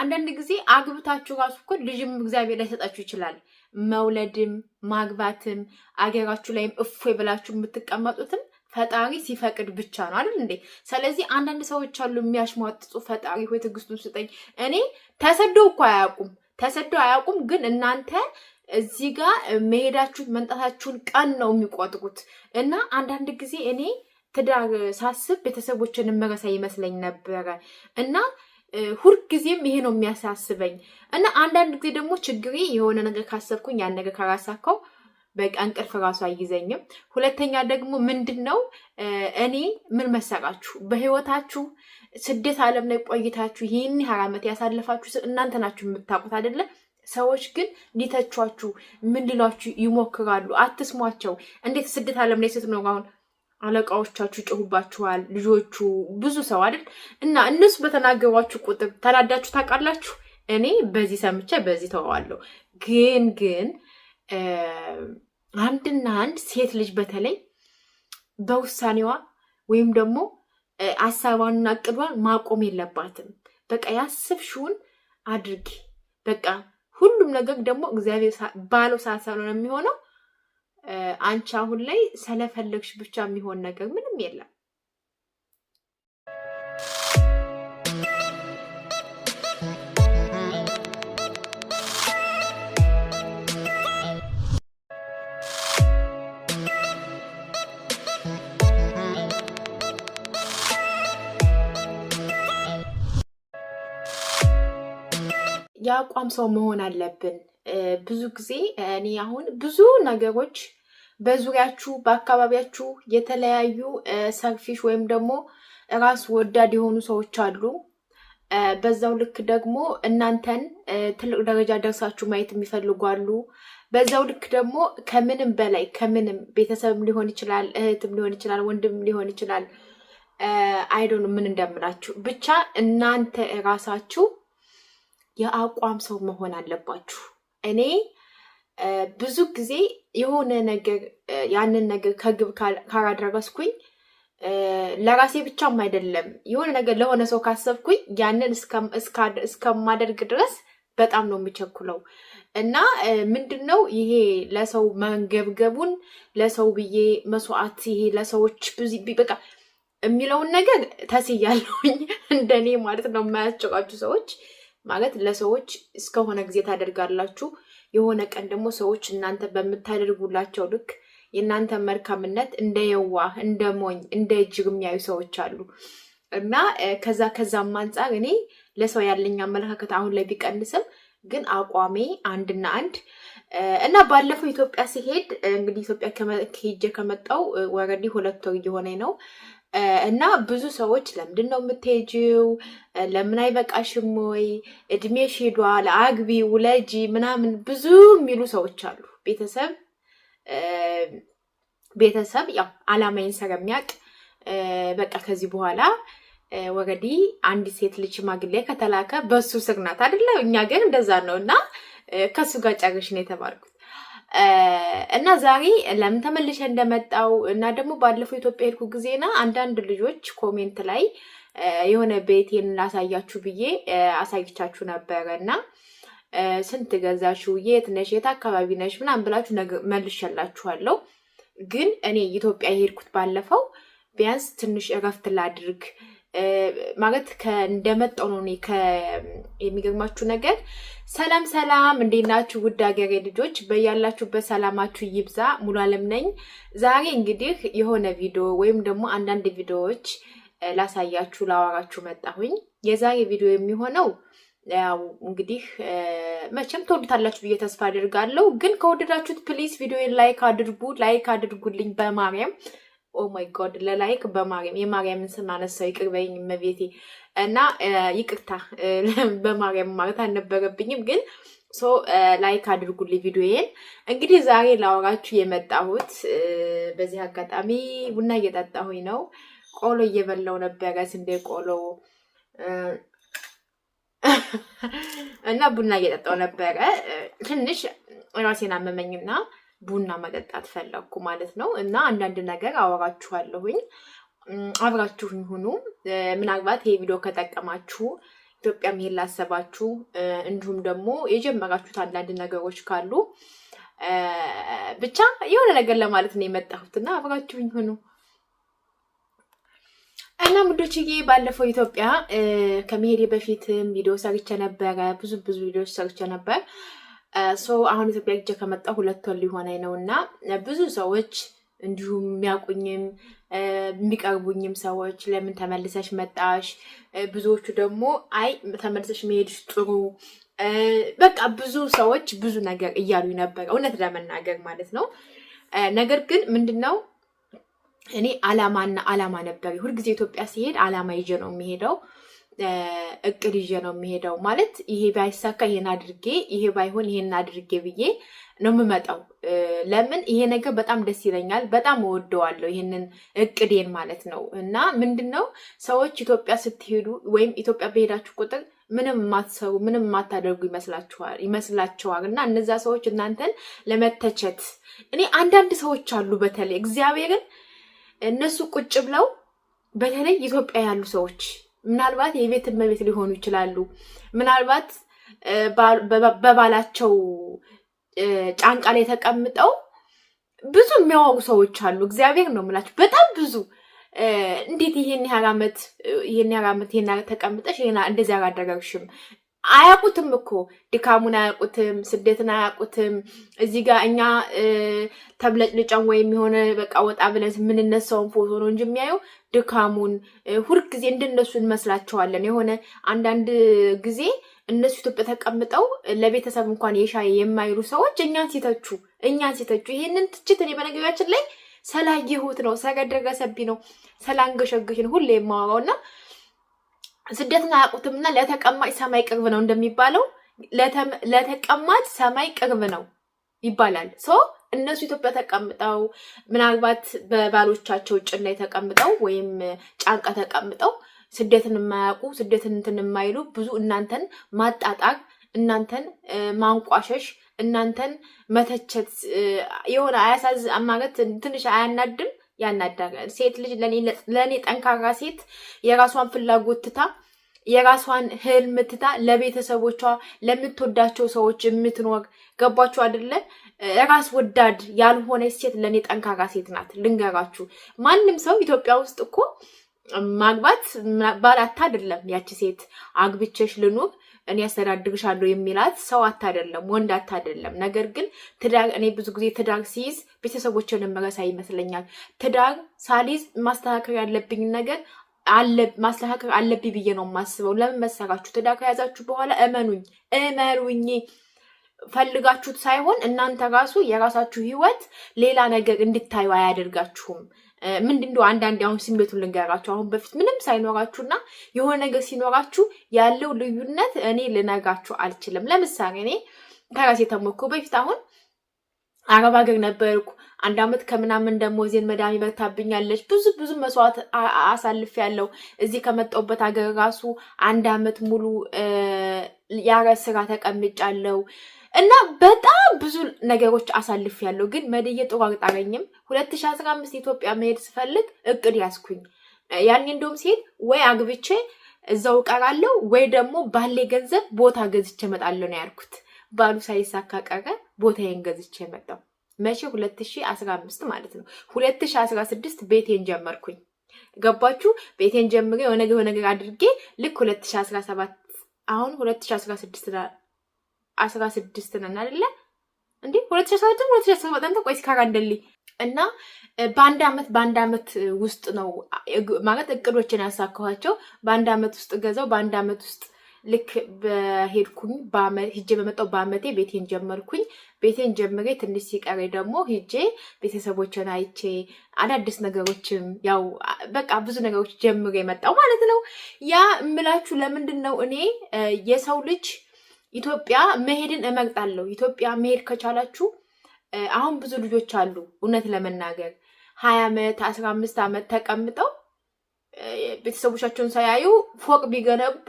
አንዳንድ ጊዜ አግብታችሁ ራሱ እኮ ልጅም እግዚአብሔር ላይ ሰጣችሁ ይችላል። መውለድም ማግባትም አገራችሁ ላይም እፎ ብላችሁ የምትቀመጡትም ፈጣሪ ሲፈቅድ ብቻ ነው አይደል እንዴ? ስለዚህ አንዳንድ ሰዎች አሉ የሚያሽሟጥጡ፣ ፈጣሪ ሆይ ትዕግስቱን ስጠኝ። እኔ ተሰደው እኮ አያውቁም፣ ተሰደው አያውቁም። ግን እናንተ እዚህ ጋር መሄዳችሁን መምጣታችሁን ቀን ነው የሚቆጥሩት። እና አንዳንድ ጊዜ እኔ ትዳር ሳስብ ቤተሰቦችን መረሳ ይመስለኝ ነበረ እና ሁልጊዜም ይሄ ነው የሚያሳስበኝ እና አንዳንድ ጊዜ ደግሞ ችግሬ የሆነ ነገር ካሰብኩኝ ያን ነገር ካላሳካው በቃ እንቅልፍ ራሱ አይይዘኝም። ሁለተኛ ደግሞ ምንድን ነው እኔ ምን መሰራችሁ፣ በህይወታችሁ ስደት ዓለም ላይ ቆይታችሁ ይህን ያህል ዓመት ያሳለፋችሁ እናንተ ናችሁ የምታውቁት አይደለም። ሰዎች ግን ሊተቿችሁ ምን ሊሏችሁ ይሞክራሉ። አትስሟቸው። እንዴት ስደት ዓለም ላይ ስትኖሩ አሁን አለቃዎቻችሁ ይጮሁባችኋል። ልጆቹ ብዙ ሰው አይደል እና እነሱ በተናገሯችሁ ቁጥር ተናዳችሁ ታውቃላችሁ። እኔ በዚህ ሰምቼ በዚህ ተዋዋለሁ። ግን ግን አንድና አንድ ሴት ልጅ በተለይ በውሳኔዋ ወይም ደግሞ አሳቧንና እቅዷን ማቆም የለባትም። በቃ ያስብሽውን አድርጊ። በቃ ሁሉም ነገር ደግሞ እግዚአብሔር ባለው ሰዓት ሳልሆነ የሚሆነው አንቺ አሁን ላይ ስለፈለግሽ ብቻ የሚሆን ነገር ምንም የለም። የአቋም ሰው መሆን አለብን። ብዙ ጊዜ እኔ አሁን ብዙ ነገሮች በዙሪያችሁ በአካባቢያችሁ የተለያዩ ሰርፊሽ ወይም ደግሞ ራስ ወዳድ የሆኑ ሰዎች አሉ። በዛው ልክ ደግሞ እናንተን ትልቅ ደረጃ ደርሳችሁ ማየት የሚፈልጉ አሉ። በዛው ልክ ደግሞ ከምንም በላይ ከምንም ቤተሰብም ሊሆን ይችላል፣ እህትም ሊሆን ይችላል፣ ወንድም ሊሆን ይችላል። አይዶን ምን እንደምላችሁ ብቻ እናንተ ራሳችሁ የአቋም ሰው መሆን አለባችሁ። እኔ ብዙ ጊዜ የሆነ ነገር ያንን ነገር ከግብ ካላደረስኩኝ ለራሴ ብቻም አይደለም የሆነ ነገር ለሆነ ሰው ካሰብኩኝ ያንን እስከማደርግ ድረስ በጣም ነው የሚቸኩለው እና ምንድን ነው ይሄ ለሰው መንገብገቡን ለሰው ብዬ መስዋዕት ይሄ ለሰዎች በቃ የሚለውን ነገር ተስያለሁኝ እንደኔ ማለት ነው የማያስጨቃችሁ ሰዎች ማለት ለሰዎች እስከሆነ ጊዜ ታደርጋላችሁ። የሆነ ቀን ደግሞ ሰዎች እናንተ በምታደርጉላቸው ልክ የእናንተ መልካምነት እንደ የዋ እንደ ሞኝ፣ እንደ እጅግ የሚያዩ ሰዎች አሉ እና ከዛ ከዛም አንጻር እኔ ለሰው ያለኝ አመለካከት አሁን ላይ ቢቀንስም ግን አቋሜ አንድና አንድ እና ባለፈው ኢትዮጵያ ሲሄድ እንግዲህ ኢትዮጵያ ሄጄ ከመጣው ወረዲ ሁለት ወር እየሆነ ነው። እና ብዙ ሰዎች ለምንድን ነው የምትሄጂው? ለምን አይበቃሽም ወይ? እድሜ ሽዷ ለአግቢ ውለጂ ምናምን ብዙ የሚሉ ሰዎች አሉ። ቤተሰብ ቤተሰብ ያው አላማዬን ስለሚያውቅ በቃ ከዚህ በኋላ ወገዲ አንዲት ሴት ልጅ ሽማግሌ ከተላከ በሱ ስር ናት አይደለ? እኛ ግን እንደዛ ነው እና ከሱ ጋር ጨርሽ ነው የተባልኩት። እና ዛሬ ለምን ተመልሼ እንደመጣው እና ደግሞ ባለፈው ኢትዮጵያ ሄድኩ ጊዜና አንዳንድ ልጆች ኮሜንት ላይ የሆነ ቤቴን ላሳያችሁ ብዬ አሳይቻችሁ ነበረ እና ስንት ገዛችሁ፣ የት ነሽ፣ የት አካባቢ ነሽ ምናምን ብላችሁ መልሸላችኋለሁ። ግን እኔ ኢትዮጵያ የሄድኩት ባለፈው ቢያንስ ትንሽ እረፍት ላድርግ ማለት እንደመጣው ነው። እኔ የሚገርማችሁ ነገር ሰላም ሰላም፣ እንዴት ናችሁ ውድ ሀገሬ ልጆች? በያላችሁበት ሰላማችሁ ይብዛ። ሙሉ አለም ነኝ። ዛሬ እንግዲህ የሆነ ቪዲዮ ወይም ደግሞ አንዳንድ ቪዲዮዎች ላሳያችሁ ላወራችሁ መጣሁኝ። የዛሬ ቪዲዮ የሚሆነው ያው እንግዲህ መቼም ተወድታላችሁ ብዬ ተስፋ አድርጋለሁ። ግን ከወደዳችሁት ፕሊስ ቪዲዮ ላይክ አድርጉ፣ ላይክ አድርጉልኝ በማርያም ኦማይ oh ጎድ ለላይክ በማርያም የማርያምን ስም አነሳው፣ ይቅር በይኝ እመቤቴ። እና ይቅርታ በማርያም ማለት አልነበረብኝም፣ ግን ሶ ላይክ አድርጉልኝ ቪዲዮዬን። እንግዲህ ዛሬ ላወራችሁ የመጣሁት በዚህ አጋጣሚ ቡና እየጠጣሁኝ ነው። ቆሎ እየበላው ነበረ፣ ስንዴ ቆሎ እና ቡና እየጠጣው ነበረ። ትንሽ ራሴን አመመኝና ቡና መጠጣት ፈለግኩ ማለት ነው። እና አንዳንድ ነገር አወራችኋለሁኝ። አብራችሁኝ ሁኑ። ምናልባት ይሄ ቪዲዮ ከጠቀማችሁ ኢትዮጵያ መሄድ ላሰባችሁ፣ እንዲሁም ደግሞ የጀመራችሁት አንዳንድ ነገሮች ካሉ ብቻ የሆነ ነገር ለማለት ነው የመጣሁት እና አብራችሁኝ ሁኑ እና ምዶችዬ ባለፈው ኢትዮጵያ ከመሄዴ በፊትም ቪዲዮ ሰርቼ ነበረ። ብዙ ብዙ ቪዲዮዎች ሰርቼ ነበር። አሁን ኢትዮጵያ ግጃ ከመጣ ሁለት ወር ሊሆነኝ ነው እና ብዙ ሰዎች እንዲሁም የሚያውቁኝም የሚቀርቡኝም ሰዎች ለምን ተመልሰሽ መጣሽ? ብዙዎቹ ደግሞ አይ ተመልሰሽ መሄድሽ ጥሩ በቃ ብዙ ሰዎች ብዙ ነገር እያሉ ነበር፣ እውነት ለመናገር ማለት ነው። ነገር ግን ምንድን ነው እኔ አላማና አላማ ነበር። ሁልጊዜ ኢትዮጵያ ሲሄድ አላማ ይዤ ነው የሚሄደው እቅድ ይዤ ነው የሚሄደው። ማለት ይሄ ባይሳካ ይሄን አድርጌ፣ ይሄ ባይሆን ይሄን አድርጌ ብዬ ነው የምመጣው። ለምን ይሄ ነገር በጣም ደስ ይለኛል፣ በጣም እወደዋለሁ፣ ይሄንን እቅዴን ማለት ነው። እና ምንድን ነው ሰዎች ኢትዮጵያ ስትሄዱ ወይም ኢትዮጵያ በሄዳችሁ ቁጥር ምንም የማትሰሩ ምንም የማታደርጉ ይመስላችኋል። እና እነዛ ሰዎች እናንተን ለመተቸት እኔ አንዳንድ ሰዎች አሉ፣ በተለይ እግዚአብሔርን እነሱ ቁጭ ብለው በተለይ ኢትዮጵያ ያሉ ሰዎች ምናልባት የቤት እመቤት ሊሆኑ ይችላሉ። ምናልባት በባላቸው ጫንቃ ላይ ተቀምጠው ብዙ የሚያወጉ ሰዎች አሉ። እግዚአብሔር ነው የምላቸው በጣም ብዙ እንዴት ይሄን ያህል ዓመት ይሄን ያህል ዓመት ይሄን ተቀምጠሽ ይሄን እንደዚህ አላደረግሽም አያውቁትም እኮ ድካሙን አያውቁትም፣ ስደትን አያውቁትም። እዚህ ጋር እኛ ተብለጭልጫን ወይም የሆነ በቃ ወጣ ብለን የምንነሳውን ፎቶ ነው እንጂ የሚያየው ድካሙን። ሁልጊዜ እንደነሱ እንመስላቸዋለን። የሆነ አንዳንድ ጊዜ እነሱ ኢትዮጵያ ተቀምጠው ለቤተሰብ እንኳን የሻይ የማይሉ ሰዎች እኛን ሲተቹ እኛን ሲተቹ ይህንን ትችት እኔ በነገቢያችን ላይ ሰላየሁት ነው ሰገደገሰቢ ነው ሰላንገሸግሽን ሁሌ የማወራው እና ስደትን አያውቁትምና ለተቀማጭ ሰማይ ቅርብ ነው እንደሚባለው ለተቀማጭ ሰማይ ቅርብ ነው ይባላል። እነሱ ኢትዮጵያ ተቀምጠው ምናልባት በባሎቻቸው ጭን ላይ ተቀምጠው ወይም ጫንቃ ተቀምጠው ስደትን የማያውቁ ስደትን እንትን የማይሉ ብዙ እናንተን ማጣጣቅ፣ እናንተን ማንቋሸሽ፣ እናንተን መተቸት የሆነ አያሳዝ አማገት ትንሽ አያናድም ያናዳጋል። ሴት ልጅ ለእኔ ጠንካራ ሴት የራሷን ፍላጎት ትታ የራሷን ህልም ትታ ለቤተሰቦቿ ለምትወዳቸው ሰዎች የምትኖር ገባችሁ አይደለ? ራስ ወዳድ ያልሆነች ሴት ለእኔ ጠንካራ ሴት ናት። ልንገራችሁ፣ ማንም ሰው ኢትዮጵያ ውስጥ እኮ ማግባት ባላታ አይደለም። ያቺ ሴት አግብቼሽ ልኑር እኔ ያስተዳድርሻለሁ የሚላት ሰው አታደለም፣ ወንድ አታደለም። ነገር ግን ትዳግ እኔ ብዙ ጊዜ ትዳግ ሲይዝ ቤተሰቦችን መረሳ ይመስለኛል። ትዳግ ሳሊዝ ማስተካከል ያለብኝ ነገር ማስተካከል አለብኝ ብዬ ነው የማስበው። ለምን መሰራችሁ? ትዳግ ከያዛችሁ በኋላ እመኑኝ እመሩኝ ፈልጋችሁት ሳይሆን እናንተ ራሱ የራሳችሁ ህይወት ሌላ ነገር እንድታዩ አያደርጋችሁም። ምንድ እንደው አንዳንዴ አሁን ስሜቱን ልንገራችሁ። አሁን በፊት ምንም ሳይኖራችሁና የሆነ ነገር ሲኖራችሁ ያለው ልዩነት እኔ ልነጋችሁ አልችልም። ለምሳሌ እኔ ከራሴ ተሞክሮ በፊት አሁን አረብ ሀገር ነበርኩ። አንድ አመት ከምናምን ደግሞ ዜን መዳም ይበርታብኛለች። ብዙ ብዙ መስዋዕት አሳልፍ ያለው እዚህ ከመጣሁበት ሀገር ራሱ አንድ አመት ሙሉ ያረስ ስራ ተቀምጫለው እና በጣም ብዙ ነገሮች አሳልፍ ያለው ግን መድየ ጥሩ አልጣረኝም። ሁለት ሺ አስራ አምስት ኢትዮጵያ መሄድ ስፈልግ እቅድ ያስኩኝ ያኔ እንደውም ሲሄድ ወይ አግብቼ እዛው ቀራለሁ ወይ ደግሞ ባሌ ገንዘብ ቦታ ገዝቼ እመጣለሁ ነው ያልኩት። ባሉ ሳይሳካ ቀረ። ቦታዬን ገዝቼ መጣሁ። መቼ 2015 ማለት ነው። 2016 ቤቴን ጀመርኩኝ። ገባችሁ? ቤቴን ጀምሬ የሆነ ነገር አድርጌ ልክ 2017 አሁን ሁለት ሺ አስራ ስድስት አስራ ስድስት ነን አይደለ እንዴ? ሁለት ሺ አስራ ስድስት ሁለት ሺ አስራ ቆይ እና በአንድ አመት በአንድ አመት ውስጥ ነው ማለት እቅዶችን ያሳካኋቸው። በአንድ አመት ውስጥ ገዛው በአንድ አመት ውስጥ ልክ በሄድኩኝ ሂጄ በመጣው በአመቴ ቤቴን ጀመርኩኝ። ቤቴን ጀምሬ ትንሽ ሲቀሬ ደግሞ ሂጄ ቤተሰቦችን አይቼ አዳዲስ ነገሮችም ያው በቃ ብዙ ነገሮች ጀምሬ የመጣው ማለት ነው። ያ እምላችሁ ለምንድን ነው እኔ የሰው ልጅ ኢትዮጵያ መሄድን እመርጣለሁ። ኢትዮጵያ መሄድ ከቻላችሁ አሁን ብዙ ልጆች አሉ እውነት ለመናገር ሀያ ዓመት አስራ አምስት ዓመት ተቀምጠው ቤተሰቦቻቸውን ሳያዩ ፎቅ ቢገነቡ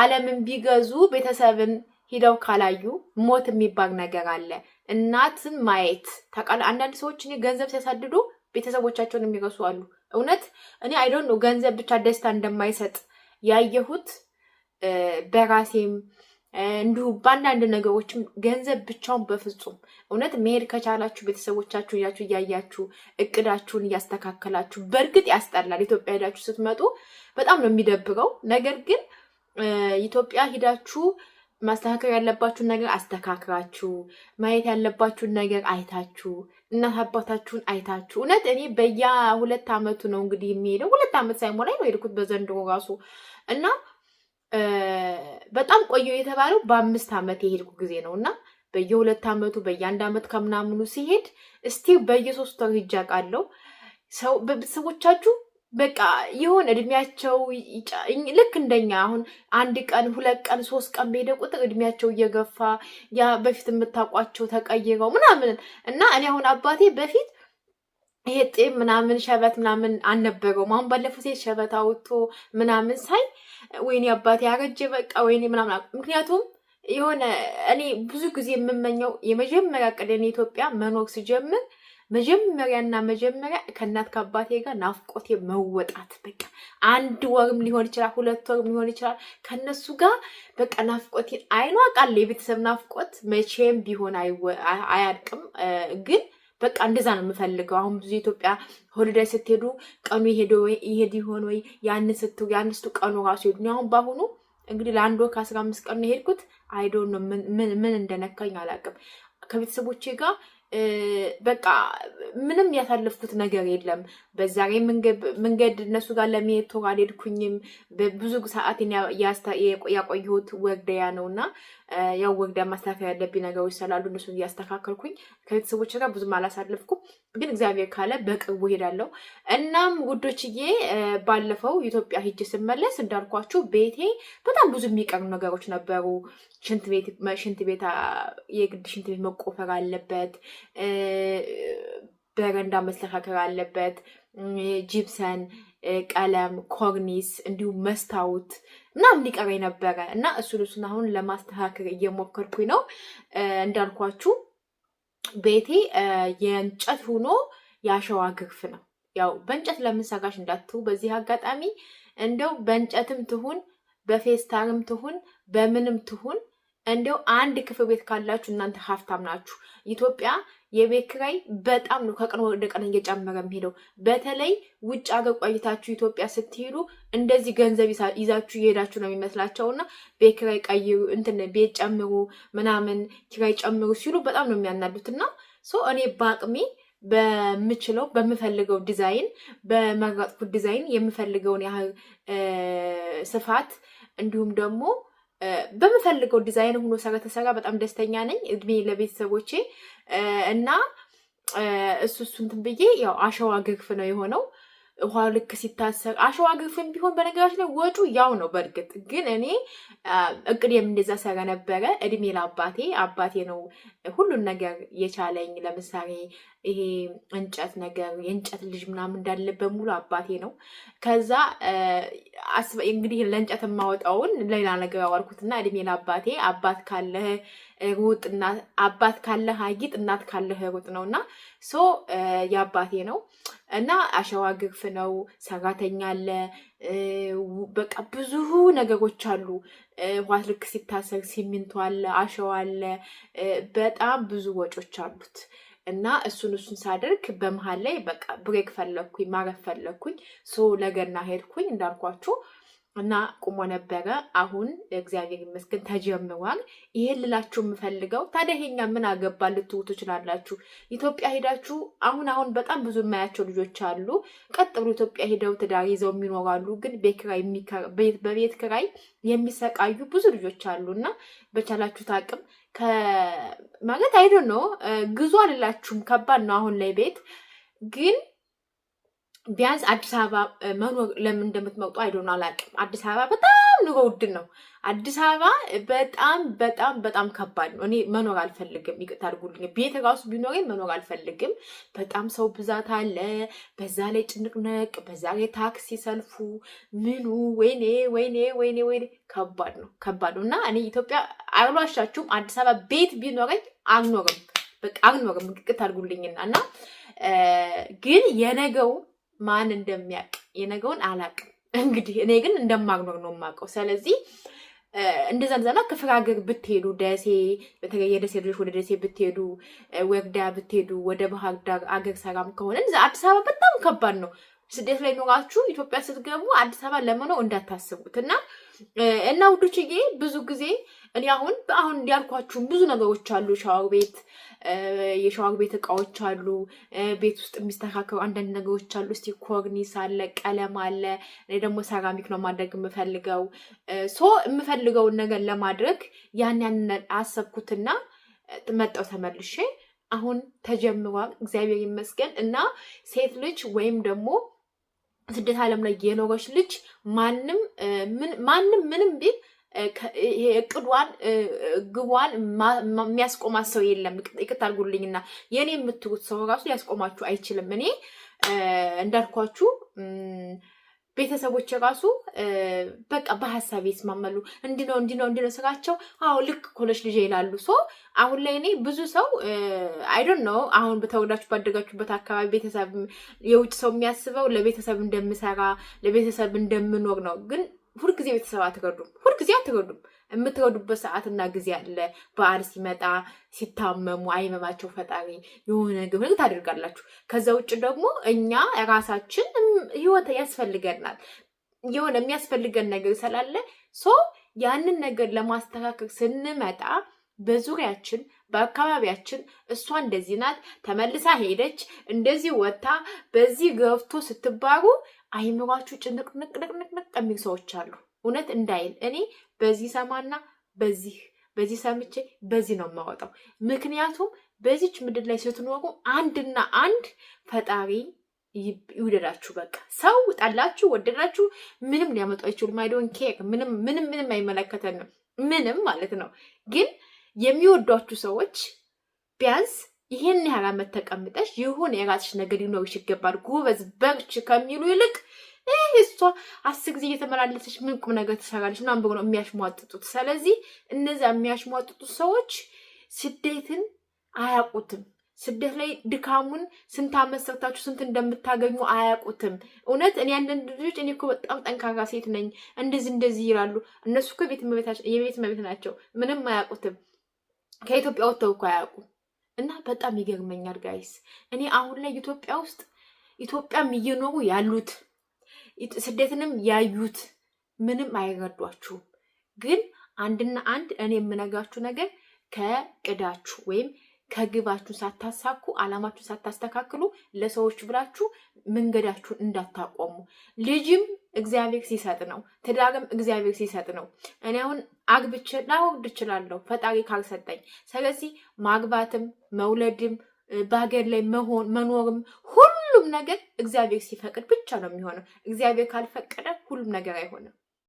ዓለምን ቢገዙ ቤተሰብን ሂደው ካላዩ ሞት የሚባል ነገር አለ። እናትን ማየት ታውቃለህ። አንዳንድ ሰዎች እኔ ገንዘብ ሲያሳድዱ ቤተሰቦቻቸውን የሚረሱ አሉ። እውነት እኔ አይዶን ነው ገንዘብ ብቻ ደስታ እንደማይሰጥ ያየሁት በራሴም እንዲሁ በአንዳንድ ነገሮችም ገንዘብ ብቻውን በፍጹም እውነት መሄድ ከቻላችሁ ቤተሰቦቻችሁ እያችሁ እያያችሁ እቅዳችሁን እያስተካከላችሁ፣ በእርግጥ ያስጠላል። ኢትዮጵያ ሄዳችሁ ስትመጡ በጣም ነው የሚደብረው። ነገር ግን ኢትዮጵያ ሂዳችሁ ማስተካከል ያለባችሁን ነገር አስተካክላችሁ ማየት ያለባችሁን ነገር አይታችሁ እናት አባታችሁን አይታችሁ እውነት እኔ በያ ሁለት ዓመቱ ነው እንግዲህ የሚሄደው ሁለት ዓመት ሳይሞላኝ ነው የሄድኩት በዘንድሮ ራሱ እና በጣም ቆየሁ የተባለው በአምስት ዓመት የሄድኩ ጊዜ ነው እና በየሁለት ዓመቱ በየአንድ ዓመት ከምናምኑ ሲሄድ እስቲ በየሶስቱ ሂጃ ቃለው ሰው በቃ የሆነ እድሜያቸው ልክ እንደኛ አሁን አንድ ቀን ሁለት ቀን ሶስት ቀን በሄደ ቁጥር እድሜያቸው እየገፋ ያ በፊት የምታውቋቸው ተቀይረው ምናምን እና እኔ አሁን አባቴ በፊት ይሄ ጤም ምናምን ሸበት ምናምን አልነበረውም። አሁን ባለፈው ሴት ሸበት አውጥቶ ምናምን ሳይ ወይኔ አባቴ ያረጀ በቃ ወይኔ ምናምን። ምክንያቱም የሆነ እኔ ብዙ ጊዜ የምመኘው የመጀመሪያ ዕቅድ ኢትዮጵያ መኖር ስጀምር መጀመሪያና መጀመሪያ ከእናት ከአባቴ ጋር ናፍቆቴ መወጣት በቃ አንድ ወርም ሊሆን ይችላል፣ ሁለት ወርም ሊሆን ይችላል። ከነሱ ጋር በቃ ናፍቆቴ አይኗ ቃል የቤተሰብ ናፍቆት መቼም ቢሆን አያድቅም ግን በቃ እንደዛ ነው የምፈልገው። አሁን ብዙ ኢትዮጵያ ሆሊዳይ ስትሄዱ ቀኑ ይሄድ ይሆን ወይ ያን ስት ያን ቀኑ ራሱ ሄዱ። አሁን በአሁኑ እንግዲህ ለአንድ ወር ከአስራ አምስት ቀን ነው የሄድኩት። አይዶ ነው ምን እንደነካኝ አላውቅም። ከቤተሰቦቼ ጋር በቃ ምንም ያሳለፍኩት ነገር የለም። በዛሬ መንገድ እነሱ ጋር ለመሄድ ቶር አልሄድኩኝም። ብዙ ሰዓትን ያቆየሁት ወግደያ ነው እና ያው ወግዳ ማስተካከል ያለብኝ ነገሮች ስላሉ እነሱ እያስተካከልኩኝ ከቤተሰቦች ጋር ብዙም አላሳለፍኩም፣ ግን እግዚአብሔር ካለ በቅርቡ ሄዳለሁ። እናም ውዶችዬ ባለፈው ኢትዮጵያ ሂጅ ስመለስ እንዳልኳችሁ ቤቴ በጣም ብዙ የሚቀሩ ነገሮች ነበሩ። ሽንት ቤት የግድ ሽንት ቤት መቆፈር አለበት። በረንዳ መስተካከል አለበት። ጂፕሰን፣ ቀለም፣ ኮርኒስ እንዲሁም መስታወት ምናምን ሊቀረኝ ነበረ እና እሱን እሱን አሁን ለማስተካከል እየሞከርኩኝ ነው። እንዳልኳችሁ ቤቴ የእንጨት ሆኖ የአሸዋ ግርፍ ነው። ያው በእንጨት ለምንሰራሽ እንዳትሁ በዚህ አጋጣሚ እንደው በእንጨትም ትሁን በፌስታርም ትሁን በምንም ትሁን እንደው አንድ ክፍል ቤት ካላችሁ እናንተ ሀብታም ናችሁ። ኢትዮጵያ የቤት ኪራይ በጣም ነው ከቀን ወደ ቀን እየጨመረ የሚሄደው። በተለይ ውጭ ሀገር ቆይታችሁ ኢትዮጵያ ስትሄዱ እንደዚህ ገንዘብ ይዛችሁ እየሄዳችሁ ነው የሚመስላቸውና ቤት ኪራይ ቀይሩ፣ እንትን ቤት ጨምሩ፣ ምናምን ኪራይ ጨምሩ ሲሉ በጣም ነው የሚያናዱትና ሰው እኔ በአቅሜ በምችለው በምፈልገው ዲዛይን በመረጥኩት ዲዛይን የምፈልገውን ያህል ስፋት እንዲሁም ደግሞ በምፈልገው ዲዛይን ሆኖ ስለተሰራ በጣም ደስተኛ ነኝ። እድሜ ለቤተሰቦቼ እና እሱ እሱን ትንብዬ ያው አሸዋ ግርፍ ነው የሆነው። ውሃ ልክ ሲታሰር አሸዋ ግርፍም ቢሆን በነገራችን ላይ ወጪው ያው ነው። በእርግጥ ግን እኔ እቅድ የምንዛ ሰረ ነበረ። እድሜ ለአባቴ አባቴ ነው ሁሉን ነገር የቻለኝ። ለምሳሌ ይሄ እንጨት ነገር የእንጨት ልጅ ምናምን እንዳለ በሙሉ አባቴ ነው። ከዛ እንግዲህ ለእንጨት የማወጣውን ሌላ ነገር ያዋርኩትና እድሜ ለአባቴ አባት ካለህ ሩጥ አባት ካለህ አጊጥ እናት ካለህ ሩጥ ነው እና ሶ የአባቴ ነው እና አሸዋ ግርፍ ነው። ሰራተኛ አለ። በቃ ብዙ ነገሮች አሉ። ውሃት ልክ ሲታሰር ሲሚንቶ አለ፣ አሸዋ አለ። በጣም ብዙ ወጮች አሉት። እና እሱን እሱን ሳደርግ በመሀል ላይ በቃ ብሬክ ፈለግኩኝ፣ ማረፍ ፈለግኩኝ። ሶ ለገና ሄድኩኝ እንዳልኳችሁ እና ቁሞ ነበረ። አሁን እግዚአብሔር ይመስገን ተጀምሯል። ይሄን ልላችሁ የምፈልገው ታዲያ ይሄኛ ምን አገባ ልትው ትችላላችሁ። ኢትዮጵያ ሄዳችሁ አሁን አሁን በጣም ብዙ የማያቸው ልጆች አሉ። ቀጥ ብሎ ኢትዮጵያ ሄደው ትዳር ይዘው የሚኖራሉ፣ ግን በቤት ክራይ የሚሰቃዩ ብዙ ልጆች አሉ እና በቻላችሁት አቅም ማለት አይደ ነው ግዙ አልላችሁም። ከባድ ነው አሁን ላይ ቤት ግን ቢያንስ አዲስ አበባ መኖር ለምን እንደምትመጡ አይዶን አላውቅም። አዲስ አበባ በጣም ኑሮ ውድ ነው። አዲስ አበባ በጣም በጣም በጣም ከባድ ነው። እኔ መኖር አልፈልግም። ይቅርታ አድርጉልኝ። ቤት ራሱ ቢኖረኝ መኖር አልፈልግም። በጣም ሰው ብዛት አለ። በዛ ላይ ጭንቅነቅ፣ በዛ ላይ ታክሲ ሰልፉ፣ ምኑ፣ ወይኔ ወይኔ ወይኔ ወይኔ፣ ከባድ ነው፣ ከባድ ነው እና እኔ ኢትዮጵያ አይሏሻችሁም። አዲስ አበባ ቤት ቢኖረኝ አልኖርም፣ በቃ አልኖርም። ይቅርታ አድርጉልኝና እና ግን የነገው ማን እንደሚያውቅ የነገውን አላውቅም። እንግዲህ እኔ ግን እንደማግኖር ነው የማውቀው። ስለዚህ እንደዛ እንደዛና ከፈጋገር ብትሄዱ ደሴ፣ በተለይ የደሴ ልጆች ወደ ደሴ ብትሄዱ፣ ወርዳ ብትሄዱ፣ ወደ ባህር ዳር አገር ሰላም ከሆነ እዛ አዲስ አበባ በጣም ከባድ ነው። ስደት ላይ ኖራችሁ ኢትዮጵያ ስትገቡ አዲስ አበባ ለመኖር እንዳታስቡት እና እና ውዶችዬ ብዙ ጊዜ እኔ አሁን አሁን እንዲያልኳችሁ ብዙ ነገሮች አሉ። ሸዋር ቤት የሸዋር ቤት እቃዎች አሉ። ቤት ውስጥ የሚስተካከሉ አንዳንድ ነገሮች አሉ። እስቲ ኮርኒስ አለ፣ ቀለም አለ። እኔ ደግሞ ሰራሚክ ነው ማድረግ የምፈልገው። ሶ የምፈልገውን ነገር ለማድረግ ያን ያን አሰብኩትና መጠው ተመልሼ አሁን ተጀምሯል። እግዚአብሔር ይመስገን እና ሴት ልጅ ወይም ደግሞ ስደት ዓለም ላይ የኖረች ልጅ ማንም ማንም ምንም ቢል እቅዷን ግቧን የሚያስቆማት ሰው የለም። ይቅርታ አድርጉልኝና የእኔ የምትሉት ሰው ራሱ ሊያስቆማችሁ አይችልም። እኔ እንዳልኳችሁ ቤተሰቦች የራሱ በቃ በሀሳብ ይስማማሉ። እንዲነው እንዲነው እንዲነው ስራቸው፣ አዎ ልክ ኮነች ልጅ ይላሉ። ሶ አሁን ላይ እኔ ብዙ ሰው አይዶን ነው አሁን ተወልዳችሁ ባደጋችሁበት አካባቢ ቤተሰብ የውጭ ሰው የሚያስበው ለቤተሰብ እንደምሰራ ለቤተሰብ እንደምኖር ነው። ግን ሁልጊዜ ቤተሰብ አትገዱም፣ ሁልጊዜ አትገዱም። የምትረዱበት ሰዓትና ጊዜ አለ። በዓል ሲመጣ ሲታመሙ አይመማቸው ፈጣሪ የሆነ ግብር ታደርጋላችሁ። ከዛ ውጭ ደግሞ እኛ ራሳችን ህይወት ያስፈልገናል። የሆነ የሚያስፈልገን ነገር ስላለ ሶ ያንን ነገር ለማስተካከል ስንመጣ በዙሪያችን በአካባቢያችን እሷ እንደዚህ ናት፣ ተመልሳ ሄደች፣ እንደዚህ ወጥታ፣ በዚህ ገብቶ ስትባሩ አይምሯችሁ ጭንቅንቅንቅንቅ የሚል ሰዎች አሉ። እውነት እንዳይል እኔ በዚህ ሰማና በዚህ በዚህ ሰምቼ በዚህ ነው የማወጣው። ምክንያቱም በዚች ምድር ላይ ስትኖሩ አንድና አንድ ፈጣሪ ይውደዳችሁ። በቃ ሰው ጠላችሁ ወደዳችሁ ምንም ሊያመጡ ይችሉ አይዶን ኬር ምንም ምንም ምንም አይመለከተንም ምንም ማለት ነው። ግን የሚወዷችሁ ሰዎች ቢያንስ ይህን ያህል ዓመት ተቀምጠሽ ይሁን የራስሽ ነገር ሊኖርሽ ይገባል፣ ጎበዝ በርች ከሚሉ ይልቅ እሷ አስር ጊዜ እየተመላለሰች ምን ቁም ነገር ትሰራለች ምናምን ብሎ ነው የሚያሽሟጥጡት። ስለዚህ እነዚያ የሚያሽሟጥጡት ሰዎች ስደትን አያውቁትም። ስደት ላይ ድካሙን ስንት ዓመት ሰርታችሁ ስንት እንደምታገኙ አያውቁትም። እውነት እኔ አንዳንድ ልጆች እኔ እኮ በጣም ጠንካራ ሴት ነኝ እንደዚህ እንደዚህ ይላሉ። እነሱ እኮ የቤት መቤት ናቸው፣ ምንም አያውቁትም። ከኢትዮጵያ ወጥተው እኮ አያውቁ እና በጣም ይገርመኛል ጋይስ። እኔ አሁን ላይ ኢትዮጵያ ውስጥ ኢትዮጵያም እየኖሩ ያሉት ስደትንም ያዩት ምንም አይረዷችሁም። ግን አንድና አንድ እኔ የምነግራችሁ ነገር ከቅዳችሁ ወይም ከግባችሁ ሳታሳኩ አላማችሁን ሳታስተካክሉ ለሰዎች ብላችሁ መንገዳችሁን እንዳታቆሙ። ልጅም እግዚአብሔር ሲሰጥ ነው። ትዳርም እግዚአብሔር ሲሰጥ ነው። እኔ አሁን አግብቼ ላወርድ እችላለሁ ፈጣሪ ካልሰጠኝ። ስለዚህ ማግባትም መውለድም በሀገር ላይ መሆን መኖርም ሁሉም ነገር እግዚአብሔር ሲፈቅድ ብቻ ነው የሚሆነው። እግዚአብሔር ካልፈቀደ ሁሉም ነገር አይሆንም።